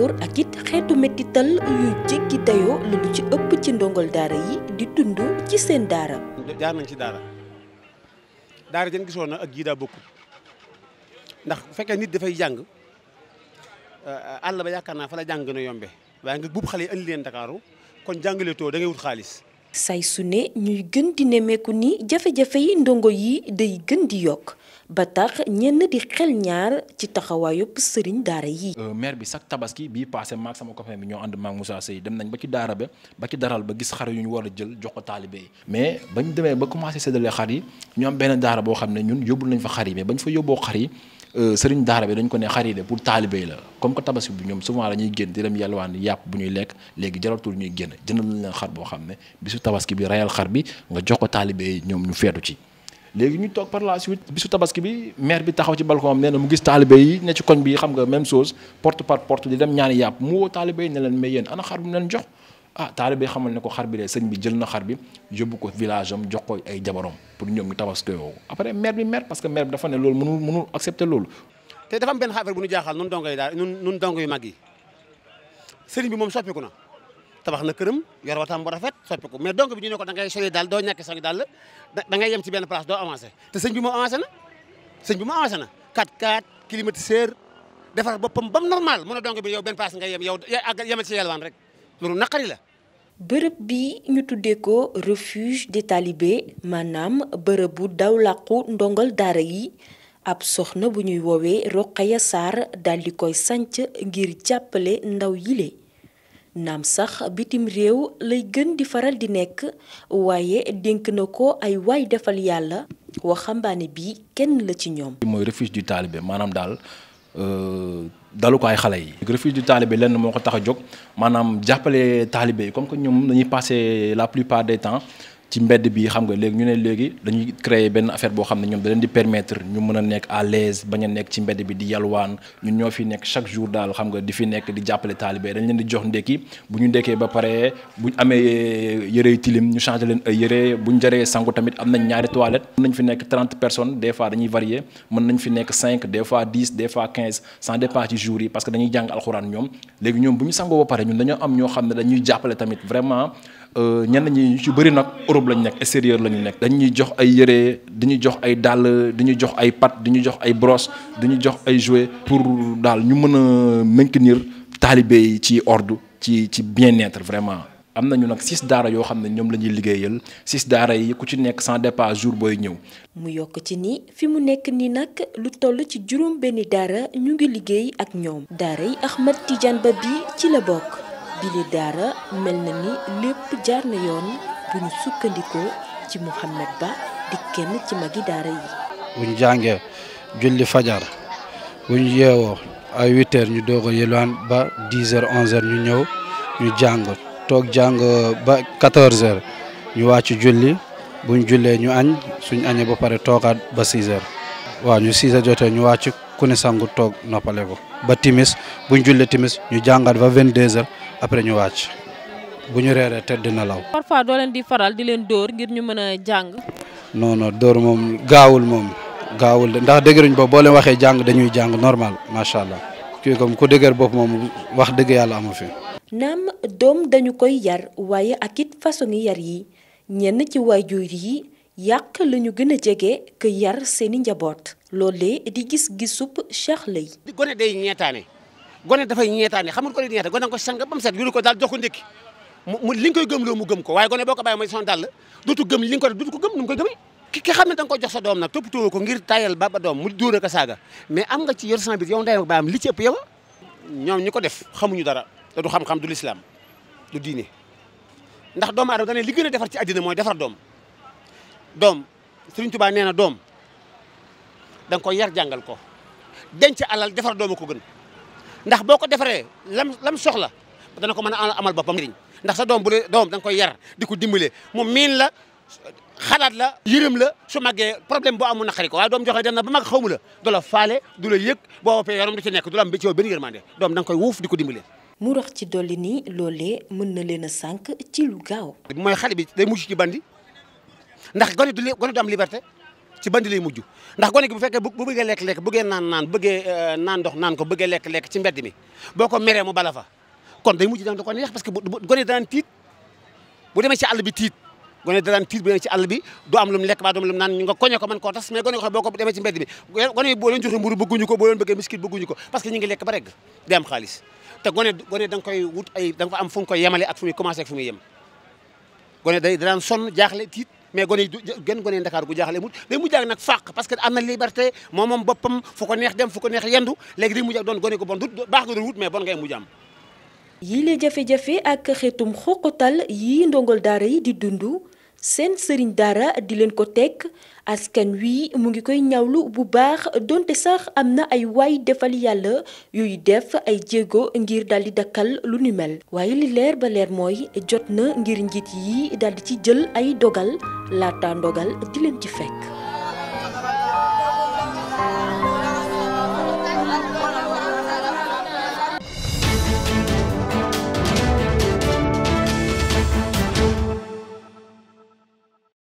wóor ak it xeetu mettital yu jéggi dayoo la lu ci ëpp ci ndongol daara yi di dund ci seen daara. jaar nañ ci daara daara jën gisoon na ak jiidaa daa ndax bu fekkee nit dafay jàng àll ba yaakaar naa fa la jàng gën a yombe waaye nga buub xale yi andi leen Ndakaaru kon jàngale too da ngay wut xaalis. say su ne ñuy gën di nemmeeku ni jafe-jafe yi ndongo yi day gën di yokk ba tax ñenn di xel ñaar ci taxawaayub sëriñ daara yi. Euh, maire bi sax tabaski bii passé maag sama copain bi ñoo ànd maag Moussa yi dem nañ ba ci daara ba ba ci daral ba gis xar yu ñu war a jël jox ko taalibe yi. mais bañ demee ba commencé séddale xar yi ñu am benn daara boo xam ne ñun yóbbul nañ fa xar yi mais bañ fa yóbboo xar yi. Euh, sëriñ daara bi dañ ko ne xaride pour taalibé la comme que tabaski bi ñoom souvent dañuy génn di dem yalwaan yàpp bu ñuy lekk léegi jaratul ñuy génn jëndal nañ leen xar boo xam ne bisu tabaski bi rayal xar bi nga jox ko taalibé ñoom ñu feetu ci léegi ñu toog par la suite bisu tabaski bi maire bi taxaw ci balcon am nee mu gis taalibe yi ne ci koñ bi xam nga même chose porte par porte di dem ñaani yàpp mu woo taalibe yi ne leen mais yéen ana xar bu leen jox ah taalibe xamal ne ko xar bi de bi jël na xarbi bi ko village am jox ko ay jabarom pour ñom ñu tabaskoo wo après maire bi maire parce que maire dafa ne lool mënu mënu accepter lool té dafa am ben affaire bu ñu jaaxal ñun dongay daal ñun ñun dongay magi señ bi mom soppiku na tabax na kërëm yor watam bu rafet soppiku mais dong bi ñu ne ko da ngay sori daal do ñàkk sax daal da ngay yem ci ben place do avancer té señ bi mo avancer na señ bi mo avancer na 4-4 climatiseur defar bopam bam normal mëna dong bi yow ben place nga yem yow ya, yemal ci yelwaan rek loolu naqari la. bërëb bi ñu tuddee ko refuge des talibés maanaam bërëb bu daw làqu ndongal daara yi ab soxna bu ñuy woowee Roqaya Sarr dal koy sanc ngir jàppale ndaw yile naam sax bitim réew lay gën di faral di nekk waaye dénk na ko ay waay defal yàlla waxambaane bi kenn la ci ñoom. mooy refuge du talibé maanaam daal. Euh, dalukaay xale yi. refuge du talibé, lenn moo ko tax a jóg maanaam jàppale taalibe yi comme que ñoom dañuy passer la plupart des temps ci mbedd bi xam nga léegi ñu né léegi dañuy créer ben affaire bo xamné ñom ñoom di permettre ñu mëna nek à l'aise baña nek ci mbedd bi di yalwaan ñun ño fi nek chaque jour dal xam nga di fi nek di jappalé talibé dañ leen di jox ndéki bu ñu ndekkee ba paré buñ amé amee tilim ñu changer leen ay yéré buñ jaré sangu tamit amna ñaari toilettes mën nañ fi nek 30 personnes des fois dañuy varier mën nañ fi nek 5 des fois 10 des fois 15 sans départ ci jours yi parce que dañuy jang alcorane ñom léegi ñom bu ñu sangoo ba pare ñun dañu am ño xamné dañuy jappalé tamit vraiment Euh, ñenn ñi ñu ci bëri nag Europe lañ nekk extérieur lañu nekk. dañ jox ay yére dañuy jox ay dàll dañuy jox ay pat dañuy jox ay brosse dañuy jox ay jouet pour daal ñu mën a maintenir taalibe yi ci ordre ci ci bien-être vraiment. am nañu nag six daara yoo xam ne ñoom la ñuy liggéeyal six daara yi ku ci nekk sans pas jour booy ñëw. mu yokk ci ni fi mu nekk nii nag lu toll ci juróom benni daara ñu ngi liggéey ak ñoom. daara yi Ahmed Tidiane Ba bi ci la bile daara mel na ni lépp jaar na yoon bu ñu sukkandikoo ci Mouhamed Ba di kenn ci magi daara yi. bu jàngee julli fajar bu ñu yeewoo ay huit ñu doog a yelwaan ba dix heures onze heures ñu ñëw ñu jàng toog jàng ba quatorze ñu wàcc julli bu ñu ñu añ suñu añee ba pare toogaat ba six heures ñu six heures jotee ñu wàcc ku ne sangu toog noppale ko ba timis bu ñu jullee timis ñu jàngat ba vingt deux heures après ñu wàcc bu ñu reeree tëdd dina law. parfois doo leen di faral di leen dóor ngir ñu mën a jàng. non non dóor moom gaawul moom gaawul ndax dëgëruñ ba boo leen waxee jàng dañuy jàng normal macha allah kii ko ku dëgër bopp moom wax dëgg yàlla amu fi. naam doom dañu koy yar waaye ak it façon yar yi ñenn ci waajur yi yàq la ñu gën a jege que yar seeni njaboot. loolee di gis-gisub Cheikh lay. di gone day ñeetaane. gone dafay ñeetaane xamul ko di ñeeta gone nga ko sang ba mu set yuru ko daal jox ko ndékki mu li gëm loo mu gëm ko waaye gone boo ko bàyyi mooy son dàll dootu gëm li nga ko def dootu ko gëm nu mu koy a mais am nga ci yor ñoom ñi ko def xamuñu dara te du xam-xam du lislaam du diine ndax doomu aadama dane li a defar ci àddina mooy defar doom doom Sëriñ Tuubaa nee na doom da ko yar jàngal ko denc alal defar dooma ko gën ndax boo ko defaree lam lam soxla dana ko mën a amal boppam njëriñ ndax sa doom bu dee nga koy yar di ko dimbale mu miin la xalaat la yërëm la su màggee problème boo amul naqari ko waaye doom joxe dem na ba mag xawmu la du faale du la yëg boo woppee yaram du nekk du am ci yow benn yërmande doom da nga koy wuuf di ko dimbale mu rax ci dolli nii loolee mën na leen a ci lu gaaw mooy xale bi day mujj ci bandi ndax gone du gone du am liberté ci bandi lay mujj ndax gone gi bu fekkee bu bëggee lekk-lekk bëggee naan naan bëggee euh, naan ndox naan ko bëggee lekk-lekk ci mbedd mi boo ko meree mu bala fa kon day mujj da ko neex parce que gone danaan tiit ko mën koo tas mais gone ko xam boo ko demee ci koy wut ay da fa am fu koy yemale ak fu muy commencé yem gone day danaan jaaxle tiit mais gone yi gën gone Ndakaar gu jaaxle mu day mujj ak nag fàq parce que am na liberté moom moom boppam fu ko neex dem fu ko neex yendu léegi day mujj ak doon gone ko bon du baax nga doon wut mais bon ngay mujj am jafe-jafe ak xeetum xoqatal yi ndongol daara yi di dundu seen sëriñ dara di leen ko tekk askan wi mu ngi koy ñawlu bu baax donte sax am na ay waay defal yàlla yuy def ay jéego ngir daldi dakkal lu ni mel waaye li leer ba leer mooy jot na ngir njiit yi daldi ci jël ay dogal laata ndogal di leen ci fekk